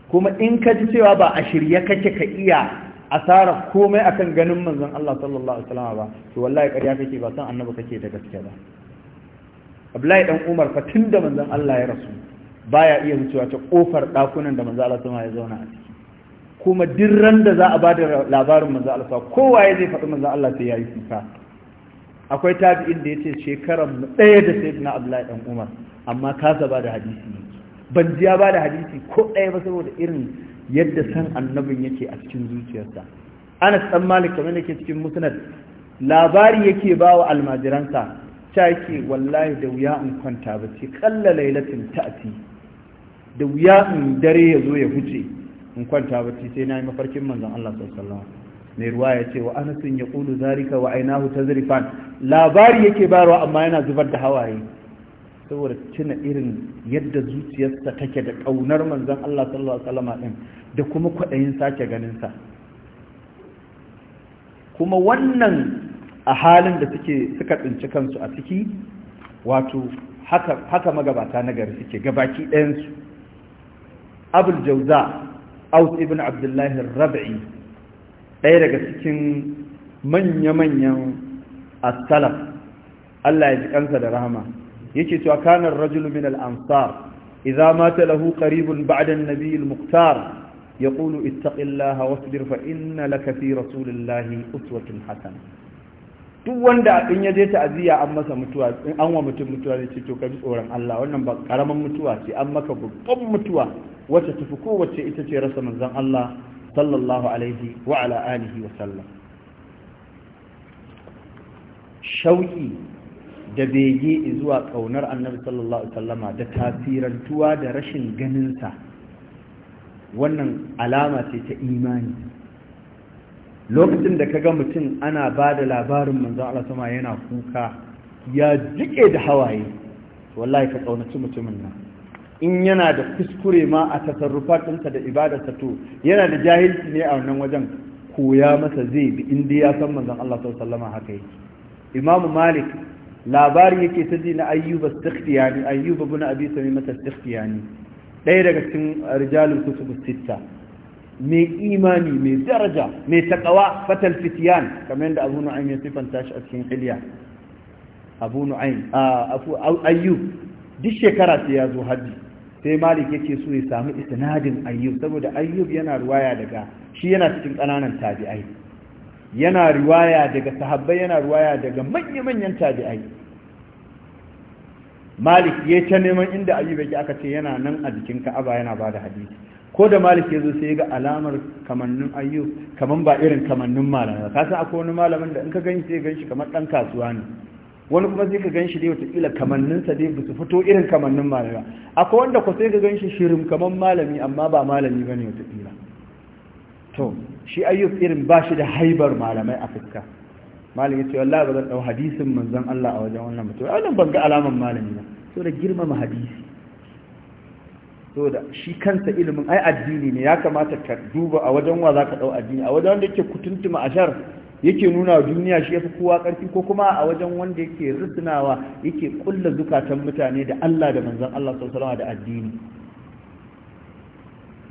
kuma in ka ji cewa ba a shirye kake ka iya Asarar komai akan ganin manzon Allah sallallahu alaihi wasallam ba to wallahi ƙarya kake ba san annabi kake da gaskiya ba Abdullahi dan Umar fa tunda manzon Allah ya rasu baya iya zuciya ta kofar dakunan da manzon Allah sallallahu alaihi wasallam ya zauna kuma duk ran da za a ba da labarin manzon Allah kowa ya zai faɗi manzon Allah sai yi kuka akwai tabi'in da yace shekaran mu ɗaya da sayyidina Abdullahi dan Umar amma kasa ba da hadisi ban ji ya bada hadisi ko ɗaya ba saboda irin yadda san annabin yake a cikin zuciyarsa anas dan malik kamar yake cikin musnad labari yake ba wa almajiransa ta yake wallahi da wuya in kwanta ba ce kalla lailatin ta'ati da wuya in dare ya zo ya huce in kwanta ba ce sai na yi mafarkin manzon Allah sallallahu mai ruwa ya ce wa anasin ya kulu zarika wa ainahu tazrifan labari yake barwa amma yana zubar da hawaye saboda tuna irin yadda zuciyarsa take da ƙaunar manzan Allah sallallahu Alaihi wasallama ɗin da kuma kwaɗayin sake ganinsa kuma wannan a halin da suka tsinci kansu a ciki wato haka magabata na gari suke gabaki ɗayansu abul jauza aus ibn abdullahi rab'i ɗaya daga cikin manya-manyan asalaf Allah ya ji kansa da rahama yake cewa kana rajul rajulu min al-ansar idza mata lahu qaribun ba'da an-nabiy al-muqtar yaqulu ittaqillaha wasbir fa inna laka fi rasulillahi uswatun hasana duk wanda in ya je ta'aziyya an masa mutuwa in an wa mutum mutuwa ce to ka bi tsoron Allah wannan ba karaman mutuwa ce an maka babban mutuwa wacce tafi kowace ita ce rasa manzon Allah sallallahu alaihi wa ala alihi wa sallam shauki da bege zuwa ƙaunar annabi sallallahu alaihi wasallama da tasirantuwa da rashin ganinsa wannan alama ce ta imani lokacin da kaga mutum ana ba da labarin manzon Allah sama yana kuka ya jike da hawaye wallahi ka kaunaci mutumin nan in yana da kuskure ma a tasarrufatinsa da ibadarsa to yana da jahilci ne a wannan wajen koya masa zai bi inda ya san manzon Allah sallallahu alaihi wasallama haka yake imamu malik labari yake ta ji na ayyuba istikhtiyani ayyuba ibn abi sulaimah istikhtiyani ɗaya daga cikin rijalul kutub sitta mai imani mai daraja mai taqwa fatal fitiyan kamar da abu nu'aym ya sifanta shi a cikin ilya abu nu'aym ayyub duk shekara sai ya zo haji sai malik yake so ya samu isnadin ayyub saboda ayyub yana ruwaya daga shi yana cikin ƙananan tabi'ai yana riwaya daga sahabbai yana riwaya daga manya-manyan tabi'ai malik ya ta neman inda ayyub yake aka ce yana nan a jikin ka'aba yana bada hadisi ko da malik ya zo sai ya ga alamar kamannin ayyub kaman ba irin kamannin malamai ka san akwai wani malamin da in ka gani sai ganshi kamar dan kasuwa ne wani kuma sai ka ganshi dai watakila kamanninsa dai ba su fito irin kamannin malamai akwai wanda ku sai ka ganshi shirin kaman malami amma ba malami bane watakila to shi ayyub irin ba shi da haibar malamai a fuska malami ce wallahi ba zan dau hadisin manzon Allah a wajen wannan mutum ai nan ban ga alaman malami na so da girmama hadisi so da shi kansa ilimin ai addini ne ya kamata ka duba a wajen wa zaka dau addini a wajen wanda yake kutuntuma ashar yake nuna wa duniya shi yafi kowa karfi ko kuma a wajen wanda yake rusunawa yake kulla zukatan mutane da Allah da manzon Allah sallallahu alaihi wasallam da addini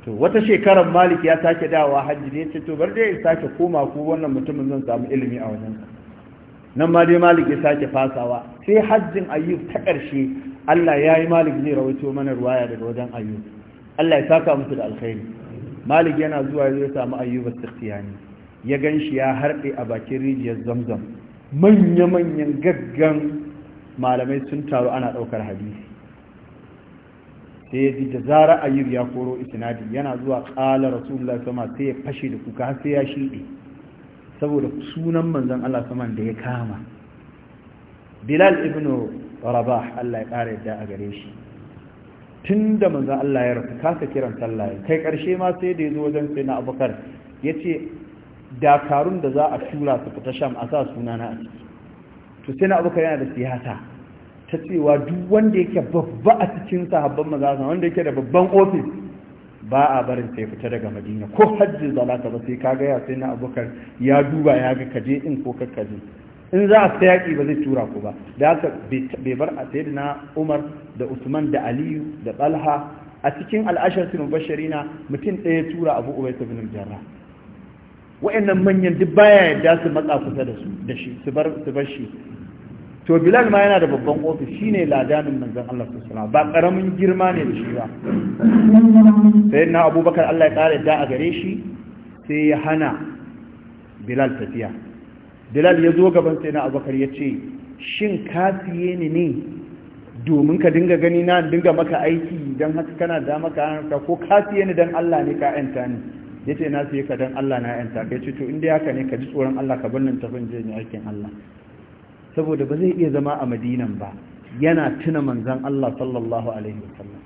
to wata shekarar malik ya sake dawa hajji ne ce to bar dai ya sake koma ko wannan mutumin zan samu ilimi a wajen nan ma dai malik ya sake fasawa sai hajjin ayyub ta ƙarshe Allah ya yi malik ne rawaito mana ruwaya daga wajen ayyub Allah ya saka musu da alkhairi malik yana zuwa ya samu ayyub as-sikhtiyani ya ganshi ya harbe a bakin rijiyar zamzam manya-manyan gaggan malamai sun taru ana ɗaukar hadisi sai ya ji da zara ayyub ya koro isnadi yana zuwa qala rasulullah sama sai ya fashe da kuka har sai ya shide saboda sunan manzon Allah sama da ya kama bilal Ibnu rabah Allah ya kare yadda a gare shi tunda manzon Allah ya rasu kasa kiran sallah kai karshe ma sai da yazo wajen sai na abubakar yace dakarun da za a tura su fita sham a sa sunana a ciki to sai na abubakar yana da siyasa ta cewa duk wanda yake babba a cikin sahabban maza wanda yake da babban ofis ba a barin sai fita daga madina ko hajji za ba sai ka gaya sai na abokan ya duba ya ga kaje in ko kakkaje in za a sayaki ba zai tura ku ba da haka bai bar a sai na umar da usman da aliyu da talha a cikin al'ashar sinu basharina mutum ɗaya tura abu ubai ta binin jarra wa'annan manyan duk baya yadda su matsa kusa da su da shi su bar shi to bilal ma yana da babban ofis shine ladanin manzon Allah sallallahu ba karamin girma ne da shi ba sai na abubakar Allah ya kare da a gare shi sai ya hana bilal tafiya bilal ya zo gaban sai na abubakar ya ce shin ka tsiye ni ne domin ka dinga gani na dinga maka aiki don haka kana da maka ka ko ka tsiye ni dan Allah ne ka yanta ni yace na tsiye ka dan Allah na yanta kai ce to inda haka ne ka ji tsoron Allah ka bar nan tafin je ni aikin Allah saboda ba zai iya zama a madinan ba yana tuna manzan Allah sallallahu alaihi wasallam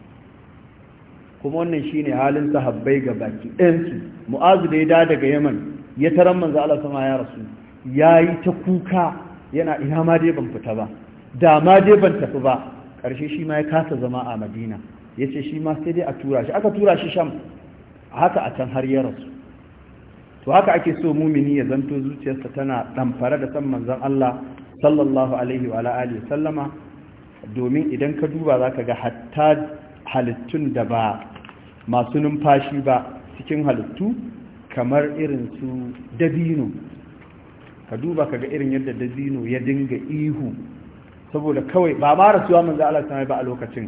kuma wannan shi ne halin sahabbai ga baki ɗansu mu'azu da ya da daga yaman ya taron manzan Allah sama ya rasu yayi ta kuka yana ina ma dai ban fita ba da ma dai ban tafi ba ƙarshe shi ma ya kasa zama a madina ya ce shi ma sai dai a tura shi aka tura shi sham a haka a can har ya rasu to haka ake so mumini ya zanto zuciyarsa tana ɗamfare da san manzan Allah sallallahu alaihi wa alihi sallama domin idan ka duba za ka ga hatta halittun da ba masu numfashi ba cikin halittu kamar irin su dabino ka duba ka ga irin yadda dabino ya dinga ihu saboda kawai ba ma rasuwa manzan Allah sami ba a lokacin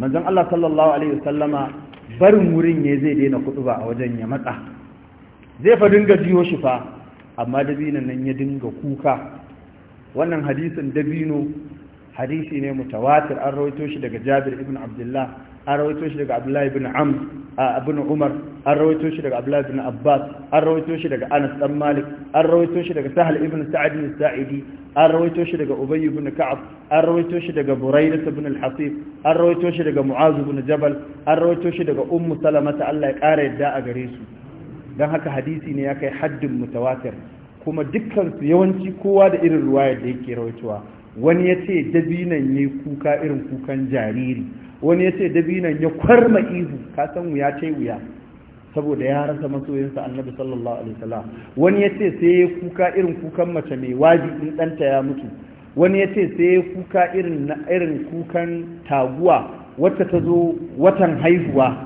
manzan Allah sallallahu alaihi wa sallama barin wurin ne zai daina kudu ba a wajen ya matsa zai fa dinga jiyo shi fa amma dabinan nan ya dinga kuka wannan hadisin dabino hadisi ne mutawatir an rawaito shi daga Jabir ibn Abdullah an rawaito shi daga Abdullah ibn Am ibn Umar an rawaito shi daga Abdullah ibn Abbas an rawaito shi daga Anas dan Malik an rawaito shi daga Sahal ibn Sa'id ibn saidi an rawaito shi daga Ubay ibn Ka'ab an rawaito shi daga burayda ibn al-Hasib an rawaito shi daga Mu'az ibn Jabal an rawaito shi daga umm Salama ta Allah ya kare yadda a gare su dan haka hadisi ne ya kai haddin mutawatir kuma dukkansu yawanci kowa da irin ruwayar da yake rawaitowa wani ya ce dabinan ya kuka irin kukan jariri wani ya ce dabinan ya kwarma ihu ka san wuya ce wuya saboda ya rasa masoyinsa annabi sallallahu alaihi wasallam wani ya ce sai ya kuka irin kukan mace mai waji in ɗanta ya mutu wani ya ce sai ya kuka irin irin kukan taguwa wacce ta zo watan haihuwa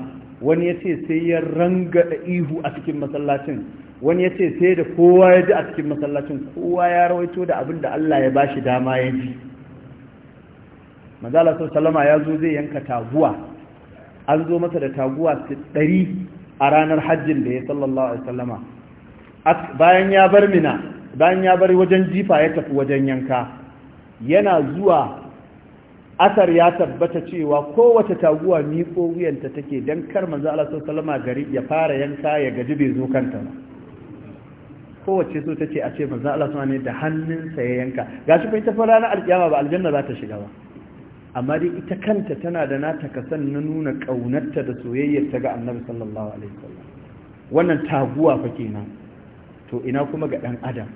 wani ya ce sai ya ranga ihu a cikin masallacin wani ya ce sai da kowa ya ji a cikin masallacin kowa ya rawaito da abin da Allah ya bashi dama ya ji manzala sau salama ya zo zai yanka taguwa an zo masa da taguwa ɗari a ranar hajjin da ya sallallahu alaihi sallama bayan ya bar mina bayan ya bar wajen jifa ya tafi wajen yanka yana zuwa asar ya tabbata cewa kowace taguwa ko wuyanta take don kar manzo sau Salama gari ya fara yanka ya gaji bai zo kanta ba kowace so ta ce a ce manzan Allah suna ne da hannunsa ya yanka ga shi bai tafi ranar alƙiyama ba aljanna za ta shiga ba amma dai ita kanta tana da nata kasan na nuna ƙaunarta da ta ga annabi sallallahu alaihi wasallam wannan taguwa fa kenan to ina kuma ga dan adam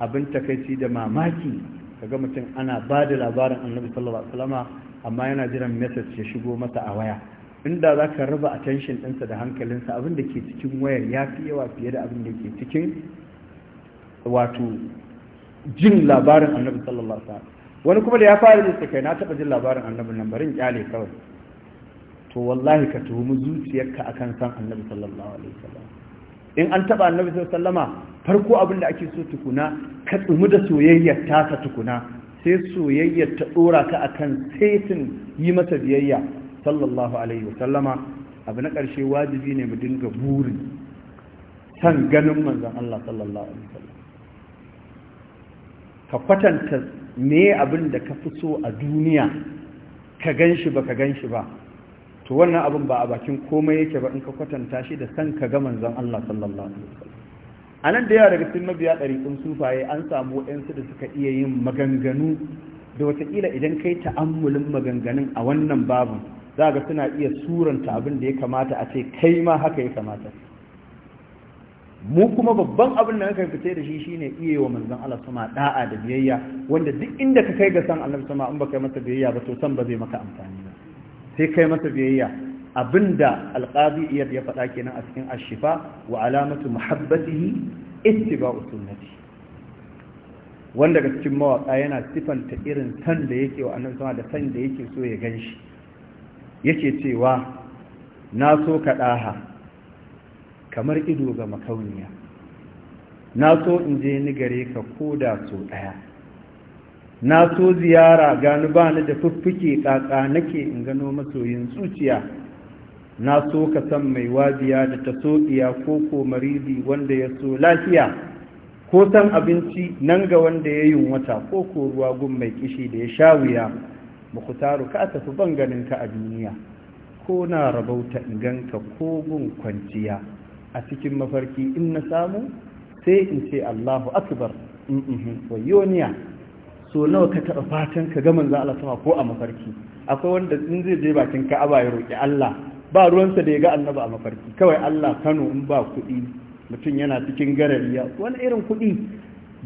abin takaici da mamaki kaga mutum ana ba da labarin annabi sallallahu alaihi wasallama amma yana jiran message ya shigo masa a waya inda za ka raba attention ɗinsa da hankalinsa abin da ke cikin wayar ya fi yawa fiye da abin da ke cikin wato jin labarin annabi sallallahu alaihi wasallam wani kuma da ya fara da kai na taɓa jin labarin annabi nan barin kyale kawai to wallahi ka tuhumi zuciyarka akan san annabi sallallahu alaihi wasallam in an taɓa annabi sallallahu alaihi wasallama farko abin da ake so tukuna ka tsumi da soyayyar tasa tukuna sai soyayyar ta dora ka akan saitin yi masa biyayya sallallahu alaihi wasallama abu na ƙarshe wajibi ne mu dinga burin san ganin manzon Allah sallallahu alaihi wasallam ka kwatanta me abin da ka fi so a duniya ka gan shi ba ka gan shi ba to wannan abin ba a bakin komai yake ba in ka kwatanta shi da san ka ga manzon Allah sallallahu alaihi wasallam a nan da yawa daga cikin mabiya ɗariƙun sufaye an samu waɗansu da suka iya yin maganganu da wataƙila idan kai ta'ammulin maganganun a wannan babu za ga suna iya suranta abin da ya kamata a ce kai ma haka ya kamata mu kuma babban abin da aka fice da shi shine iya wa manzon Allah sama da'a da biyayya wanda duk inda ka kai ga san Allah sama in baka masa biyayya ba to san ba zai maka amfani ba sai kai masa biyayya abinda alqadi iyad ya faɗa kenan a cikin ashifa wa alamatu muhabbatihi ittiba'u sunnati wanda ga cikin mawaka yana sifanta irin san da yake wa annabi sama da san da yake so ya ganshi yake cewa na so ka daha kamar ido ga makauniya na so in je ni gare ka ko da so ɗaya na so ziyara gani ba ni da fuffuke tsatsa nake in gano masoyin zuciya na so ka san mai wajiya da ta so ko koko maridi wanda ya so lafiya ko san abinci nan ga wanda ya yunwata wata ko ruwa gun mai kishi da ya sha wuya mukutaru ka tafi ban ganin ka a duniya ko na rabauta in ganka ko gun kwanciya a cikin mafarki in na samu sai in ce Allahu akbar wayoniya so nawa ka taɓa fatan ka ga manzo Allah sama ko a mafarki akwai wanda in zai je bakin Ka'aba ya roki Allah ba ruwansa da ya ga annabi a mafarki kawai Allah Kano in ba kuɗi mutum yana cikin garariya wani irin kuɗi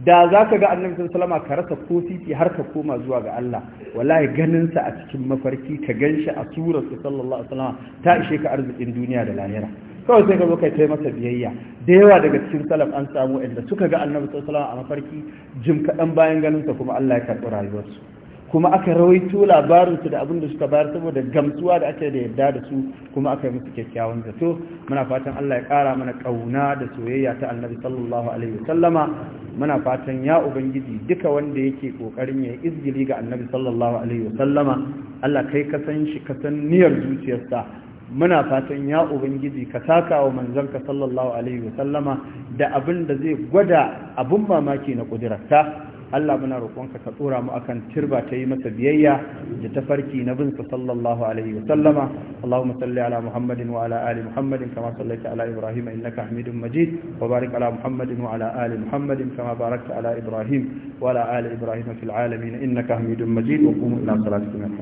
da za ka ga annabi sallama ka rasa ko titi har ka koma zuwa ga Allah wallahi sa a cikin mafarki ka ganshi a surarsa sallallahu alaihi wasallam ta ishe ka arzikin duniya da lahira kawai sai ka zo kai masa biyayya da yawa daga cikin salaf an samu inda suka ga annabi sallallahu alaihi a mafarki jim kaɗan bayan ganin sa kuma Allah ya karɓi rayuwarsu kuma aka rawaito labarinsu da abin da suka bayar saboda gamsuwa da ake da yadda da su kuma aka yi musu kyakkyawan zato muna fatan Allah ya ƙara mana ƙauna da soyayya ta annabi sallallahu alaihi wasallama muna fatan ya ubangiji duka wanda yake kokarin ya izgili ga annabi sallallahu alaihi wasallama Allah kai ka san shi ka san niyyar zuciyarsa muna fatan ya ubangiji ka taka wa manzanka sallallahu alaihi sallama da abin da zai gwada abin mamaki na ƙudurarta Allah muna roƙonka ka tsora mu akan turba ta yi masa biyayya da tafarki na binsa sallallahu alaihi wa sallama Allahumma salli ala Muhammadin wa ala ali Muhammadin kama sallaita ala Ibrahim innaka Hamidum Majid wa barik ala Muhammadin wa ala ali Muhammadin kama barakta ala Ibrahim wa ala ali Ibrahim fil alamin innaka Hamidum Majid wa qumu ila salatikum